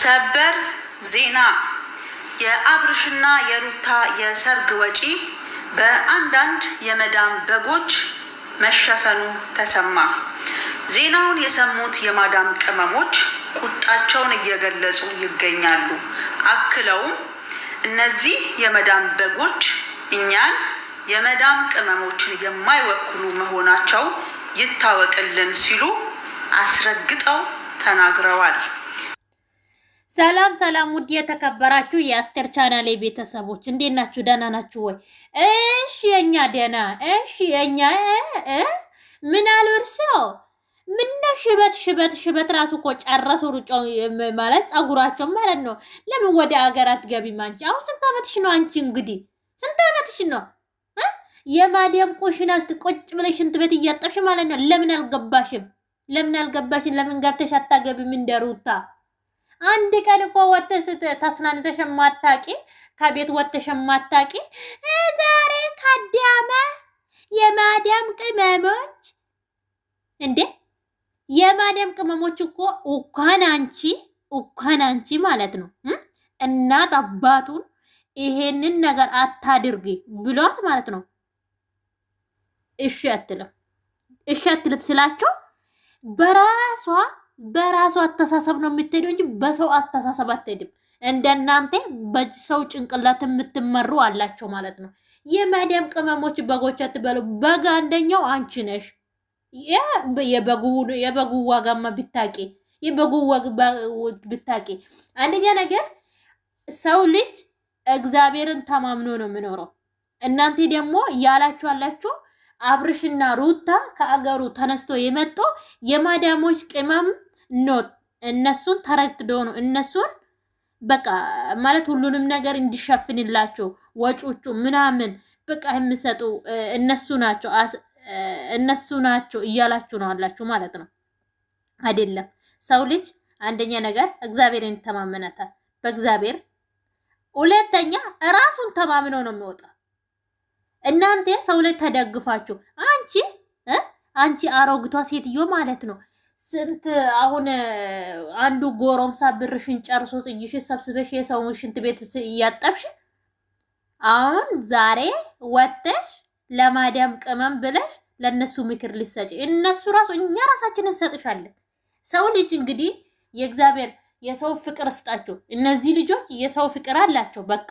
ሰበር ዜና የአብርሽና የሩታ የሰርግ ወጪ በአንዳንድ የመዳም በጎች መሸፈኑ ተሰማ። ዜናውን የሰሙት የማዳም ቅመሞች ቁጣቸውን እየገለጹ ይገኛሉ። አክለውም እነዚህ የመዳም በጎች እኛን የመዳም ቅመሞችን የማይወክሉ መሆናቸው ይታወቅልን ሲሉ አስረግጠው ተናግረዋል። ሰላም ሰላም፣ ውድ የተከበራችሁ የአስቴር ቻናል ቤተሰቦች እንዴት ናችሁ? ደህና ናችሁ ወይ? እሺ የኛ ደህና። እሺ የኛ ምን አሉ እርስዎ? ምነ ሽበት ሽበት ሽበት ራሱ እኮ ጨረሱ። ሩጮ ማለት ጸጉራቸው ማለት ነው። ለምን ወደ አገር አትገቢም አንቺ? አሁን ስንት አመትሽ ነው አንቺ? እንግዲህ ስንት አመትሽ ነው? የማዲያም ስት ቁጭ ብለሽ ሽንት ቤት እያጠብሽ ማለት ነው። ለምን አልገባሽም? ለምን አልገባሽን? ለምን ገብተሽ አታገብም? እንደሩታ አንድ ቀን እኮ ወጥተሽ ተስናንተሽ ማታቂ፣ ከቤት ወጥተሽ ማታቂ። ዛሬ ካዳመ የማዳም ቅመሞች እንዴ! የማዳም ቅመሞች እኮ እንኳን አንቺ እንኳን አንቺ ማለት ነው እናት አባቱን ይሄንን ነገር አታድርጊ ብሏት ማለት ነው። እሺ አትልም እሺ አትልም ስላቸው በራሷ በራሱ አስተሳሰብ ነው የምትሄደው እንጂ በሰው አስተሳሰብ አትሄድም። እንደናንተ በሰው ጭንቅላት የምትመሩ አላቸው ማለት ነው። የመደም ቅመሞች በጎች አትበሉ። በግ አንደኛው አንቺ ነሽ። የበጉ ዋጋማ ብታቂ የበጉ ብታቂ። አንደኛ ነገር ሰው ልጅ እግዚአብሔርን ተማምኖ ነው የሚኖረው። እናንተ ደግሞ ያላችሁ አላችሁ አብርሽና ሩታ ከአገሩ ተነስቶ የመጡ የማዳሞች ቅመም ኖት። እነሱን ተረድዶ ነው እነሱን በቃ ማለት ሁሉንም ነገር እንዲሸፍንላቸው ወጮቹ ምናምን በቃ የሚሰጡ እነሱ ናቸው እነሱ ናቸው እያላችሁ ነው አላችሁ ማለት ነው። አይደለም ሰው ልጅ አንደኛ ነገር እግዚአብሔርን ይተማመናታል በእግዚአብሔር ሁለተኛ ራሱን ተማምኖ ነው የሚወጣ እናንተ ሰው ላይ ተደግፋችሁ አንቺ አንቺ አሮግቷ ሴትዮ ማለት ነው። ስንት አሁን አንዱ ጎረምሳ ብርሽን ጨርሶ ጥይሽ ሰብስበሽ የሰውን ሽንት ቤት እያጠብሽ አሁን ዛሬ ወጥተሽ ለማዳም ቅመም ብለሽ ለእነሱ ምክር ልሰጭ እነሱ ራሱ እኛ ራሳችን እንሰጥሻለን። ሰው ልጅ እንግዲህ የእግዚአብሔር የሰው ፍቅር ስጣቸው። እነዚህ ልጆች የሰው ፍቅር አላቸው በቃ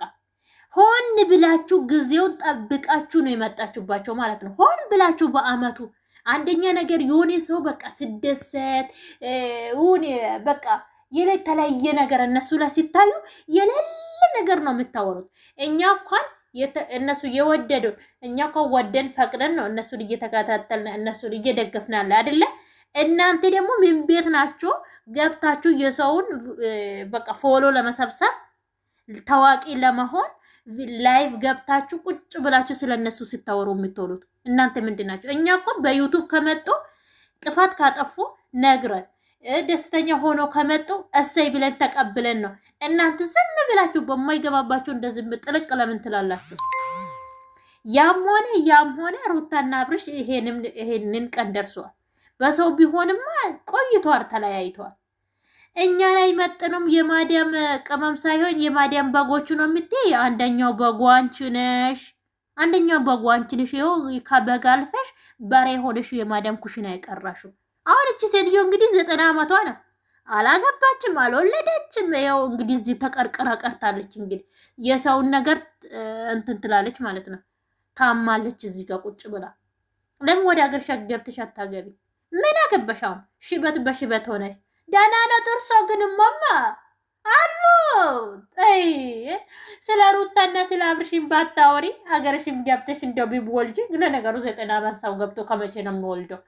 ሆን ብላችሁ ጊዜውን ጠብቃችሁ ነው የመጣችሁባቸው ማለት ነው። ሆን ብላችሁ በአመቱ አንደኛ ነገር የሆነ ሰው በቃ ስደሰት ሆነ በቃ የተለያየ ነገር እነሱ ላይ ሲታዩ የሌለ ነገር ነው የምታወሩት። እኛ እንኳን እነሱ የወደዱን እኛ እንኳን ወደን ፈቅደን ነው እነሱን እየተከታተልን እነሱን እየደገፍናለ ያለ አይደለ? እናንተ ደግሞ ምን ቤት ናቸው ገብታችሁ የሰውን በቃ ፎሎ ለመሰብሰብ ታዋቂ ለመሆን ላይቭ ገብታችሁ ቁጭ ብላችሁ ስለነሱ ስታወሩ የምትውሉት እናንተ ምንድን ናቸው? እኛ እኮ በዩቱብ ከመጡ ጥፋት ካጠፉ ነግረን ደስተኛ ሆኖ ከመጡ እሰይ ብለን ተቀብለን ነው። እናንተ ዝም ብላችሁ በማይገባባችሁ እንደዝም ጥልቅ ለምን ትላላችሁ? ያም ሆነ ያም ሆነ ሩታና አብርሽ ይሄንን ቀን ደርሰዋል። በሰው ቢሆንማ ቆይተዋል፣ ተለያይተዋል። እኛ ላይ አይመጥኑም። የማዲያም ቅመም ሳይሆን የማዲያም በጎቹ ነው የምትይ። አንደኛው በጉ አንቺ ነሽ፣ አንደኛው በጉ አንቺ ነሽ። ይኸው ከበግ አልፈሽ በሬ ሆነሽ የማዳም ኩሽና የቀራሽው። አሁን እቺ ሴትዮ እንግዲህ ዘጠና ዓመቷ ነው። አላገባችም፣ አልወለደችም። ይኸው እንግዲህ እዚህ ተቀርቅራ ቀርታለች። እንግዲህ የሰውን ነገር እንትን ትላለች ማለት ነው። ታማለች እዚህ ጋር ቁጭ ብላ። ለምን ወደ ሀገር ሸገብተሽ አታገቢ? ምን አገባሽ አሁን? ሽበት በሽበት ሆነሽ ደህና ነው። ጥርሶ ግን እማማ አሉ ስለ ሩታና ስለ አብርሽን ባታወሪ አገርሽም ገብተሽ እንደው ቢወልጂ። ነገሩ ዘጠና አመት ሰው ገብቶ ከመቼ ነው የሚወልደው?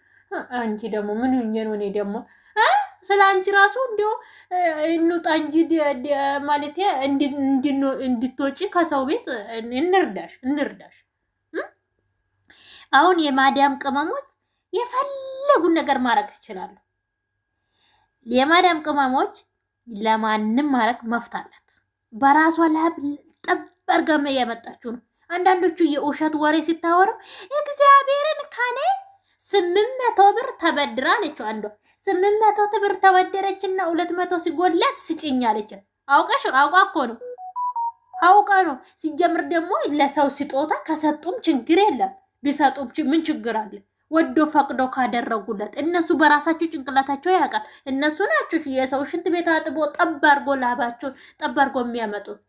አንቺ ደግሞ ምን ኘን እኔ ደግሞ ስለ አንቺ ራሱ እንዲሁ እንውጣ እንጂ ማለት እንድትወጪ ከሰው ቤት እንርዳሽ እንርዳሽ። አሁን የማዳም ቅመሞች የፈለጉን ነገር ማድረግ ትችላሉ። የማዳም ቅመሞች ለማንም ማድረግ መፍታላት በራሷ ላብ ጠበር ገመ እያመጣችሁ ነው። አንዳንዶቹ የውሸት ወሬ ሲታወሩ እግዚአብሔርን ከኔ ስምንት መቶ ብር ተበድራ አለች። አንዷ ስምንት መቶ ብር ተበደረችና ሁለት መቶ ሲጎላት ስጭኝ አለች። አውቀሽ አውቃ እኮ ነው አውቀ ነው። ሲጀምር ደግሞ ለሰው ስጦታ ከሰጡም ችግር የለም ቢሰጡም ምን ችግር አለን? ወዶ ፈቅዶ ካደረጉለት እነሱ በራሳቸው ጭንቅላታቸው ያውቃል። እነሱ ናቸው የሰው ሽንት ቤት አጥቦ ጠብ አርጎ ላባቸውን ጠብ አርጎ የሚያመጡት።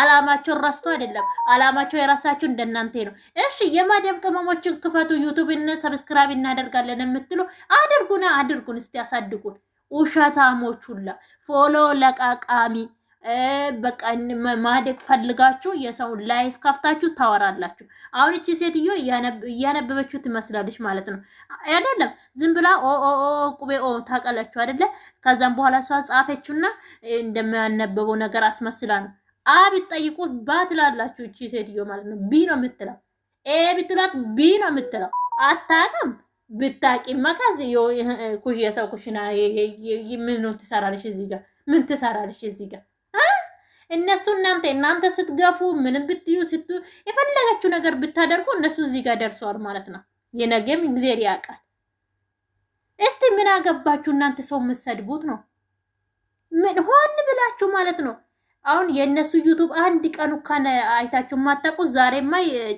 አላማቸውን ረስቶ አይደለም። አላማቸው የራሳቸው እንደናንተ ነው። እሺ የማዲያም ቅመሞችን ክፈቱ፣ ዩቱብን ሰብስክራይብ እናደርጋለን የምትሉ አድርጉን፣ አድርጉን፣ እስቲ ያሳድጉን። ውሸታሞች ሁላ ፎሎ ለቃቃሚ በቃ ማደግ ፈልጋችሁ የሰውን ላይፍ ከፍታችሁ ታወራላችሁ። አሁን እቺ ሴትዮ እያነበበችው ትመስላለች ማለት ነው አይደለም? ዝም ብላ ኦኦኦ ቁቤ ኦ ታቀለችው አይደለ? ከዛም በኋላ እሷ ጻፈችውና እንደሚያነበበው ነገር አስመስላ ነው። አ ብትጠይቁት ባ ትላላችሁ እቺ ሴትዮ ማለት ነው። ቢ ነው የምትለው። ኤ ብትላት ቢ ነው የምትለው። አታቅም ብታቂማ ከዚህ የሰው ኩሽና ምን ትሰራለች? እዚህ ጋር ምን ትሰራለች? እዚህ ጋር እነሱ እናንተ እናንተ ስትገፉ ምንም ብትዩ ስት የፈለገችው ነገር ብታደርጉ እነሱ እዚህ ጋር ደርሰዋል ማለት ነው። የነገም እግዜር ያውቃል። እስቲ ምን አገባችሁ እናንተ ሰው የምትሰድቡት ነው። ምን ሆን ብላችሁ ማለት ነው። አሁን የእነሱ ዩቱብ አንድ ቀን እንኳን አይታችሁ የማታውቁት ዛሬማ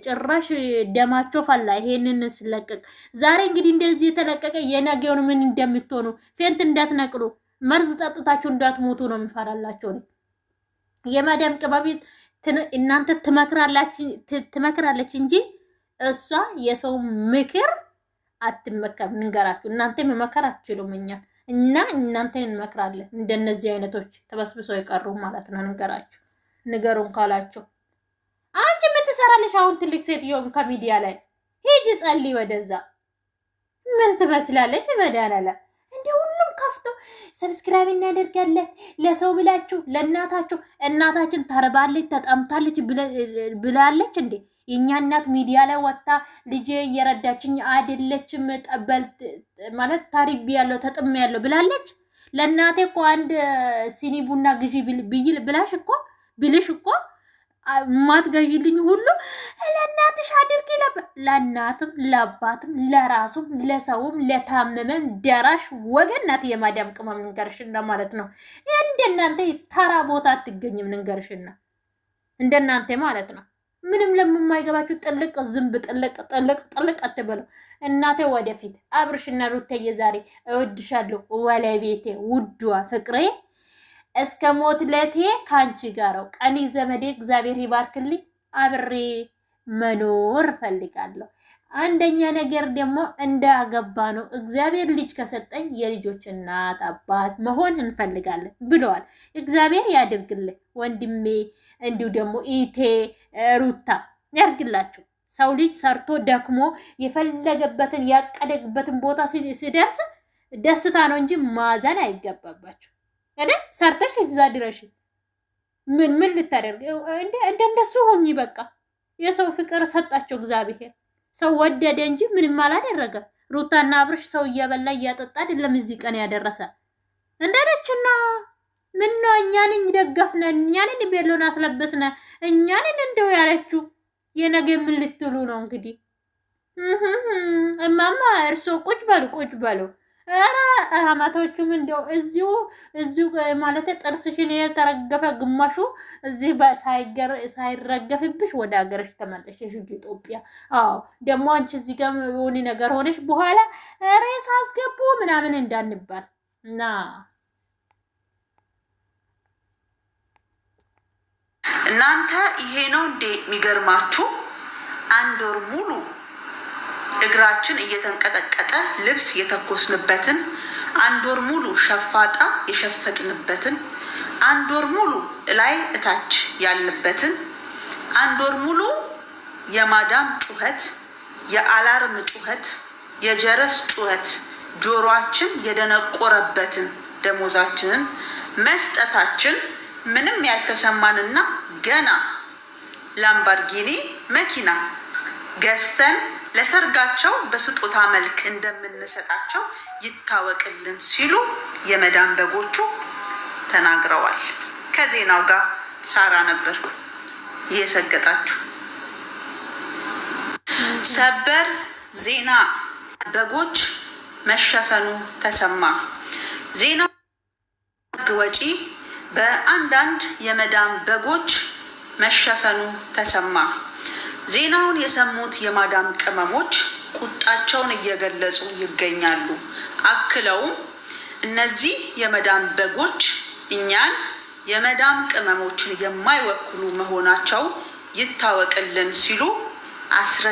ጭራሽ ደማቸው ፈላ። ይሄንን ስለቀቅ ዛሬ እንግዲህ እንደዚህ የተለቀቀ የነገውን ምን እንደምትሆኑ ፌንት እንዳትነቅሉ መርዝ ጠጥታችሁ እንዳትሞቱ ነው የሚፈራላቸው ነው። የማዳም ቅባቢ እናንተ ትመክራለች እንጂ እሷ የሰው ምክር አትመከም። ንገራችሁ እናንተ መመከር አትችሉም። እኛ እና እናንተ እንመክራለን። እንደነዚህ አይነቶች ተበስብሰው የቀሩ ማለት ነው። ንገራችሁ ንገሩን ካላችሁ አንቺ የምትሰራለሽ አሁን ትልቅ ሴትዮም ከሚዲያ ላይ ሂጂ ጸልይ። ወደዛ ምን ትመስላለች በዳናላ ከፍቶ ሰብስክራይብ እናደርጋለን። ለሰው ብላችሁ ለእናታችሁ እናታችን ተርባለች ተጠምታለች ብላለች እንዴ? የእኛ እናት ሚዲያ ላይ ወጥታ ልጄ እየረዳችኝ አይደለችም ጠበልት ማለት ታሪቢ ያለው ተጥም ያለው ብላለች። ለእናቴ እኮ አንድ ሲኒ ቡና ግዢ ብላሽ እኮ ብልሽ እኮ ማትገዥልኝ ሁሉ ለእናትሽ አድርጊ። ለእናትም ለአባትም ለራሱም ለሰውም ለታመመም ደራሽ ወገን ናት የማዳም ቅመም ንገርሽና ማለት ነው። እንደናንተ ተራ ቦታ አትገኝም ንገርሽና እንደናንተ ማለት ነው። ምንም ለምማይገባችሁ ጥልቅ ዝንብ ጥልቅ ጥልቅ ጥልቅ አትበሉ። እናቴ ወደፊት አብርሽና ሩቴ የዛሬ እወድሻለሁ ወለቤቴ ውድዋ ፍቅሬ እስከ ሞት ለቴ ከአንቺ ጋረው ቀኒ ዘመዴ እግዚአብሔር ይባርክልኝ። አብሬ መኖር እፈልጋለሁ። አንደኛ ነገር ደግሞ እንዳገባ ነው እግዚአብሔር ልጅ ከሰጠኝ የልጆች እናት አባት መሆን እንፈልጋለን ብለዋል። እግዚአብሔር ያድርግልህ ወንድሜ፣ እንዲሁ ደግሞ ኢቴ ሩታ ያርግላችሁ። ሰው ልጅ ሰርቶ ደክሞ የፈለገበትን ያቀደግበትን ቦታ ሲደርስ ደስታ ነው እንጂ ማዘን አይገባባችሁ። እደ ሰርተሽ እዛ ድረሽ ምን ምን ልታደርግ እንደ እንደሱ ሆኝ በቃ የሰው ፍቅር ሰጣቸው እግዚአብሔር። ሰው ወደደ እንጂ ምንም አላደረገ። ሩታና አብርሽ ሰው እያበላ እያጠጣ አይደለም እዚህ ቀን ያደረሰ። እንደረችና ምን ነው እኛን ደገፍነ፣ እኛንን ቤሎን አስለበስነ፣ እኛንን እንደው ያለችው የነገ ምን ልትሉ ነው እንግዲህ? እማማ እርሶ ቁጭ በሉ ቁጭ በሉ ኧረ አማቶቹም እንደው እዚሁ እዚሁ ማለት ጥርስሽን የተረገፈ ግማሹ እዚህ ሳይረገፍብሽ ወደ ሀገርሽ ተመለሸሽ ኢትዮጵያ። አዎ ደግሞ አንቺ እዚህ ጋር የሆነ ነገር ሆነሽ በኋላ ሬስ አስገቡ ምናምን እንዳንባል እና እናንተ ይሄ ነው እንዴ የሚገርማችሁ አንድ ወር ሙሉ እግራችን እየተንቀጠቀጠ ልብስ የተኮስንበትን አንድ ወር ሙሉ ሸፋጣ የሸፈጥንበትን አንድ ወር ሙሉ እላይ እታች ያልንበትን አንድ ወር ሙሉ የማዳም ጩኸት፣ የአላርም ጩኸት፣ የጀረስ ጩኸት ጆሮአችን የደነቆረበትን ደሞዛችንን መስጠታችን ምንም ያልተሰማንና ገና ላምባርጊኒ መኪና ገዝተን ለሰርጋቸው በስጦታ መልክ እንደምንሰጣቸው ይታወቅልን ሲሉ የመዳን በጎቹ ተናግረዋል። ከዜናው ጋር ሳራ ነበር እየሰገጣችሁ። ሰበር ዜና በጎች መሸፈኑ ተሰማ። ዜና ወጪ በአንዳንድ የመዳን በጎች መሸፈኑ ተሰማ። ዜናውን የሰሙት የማዳም ቅመሞች ቁጣቸውን እየገለጹ ይገኛሉ። አክለውም እነዚህ የመዳም በጎች እኛን የመዳም ቅመሞችን የማይወክሉ መሆናቸው ይታወቅልን ሲሉ አስረ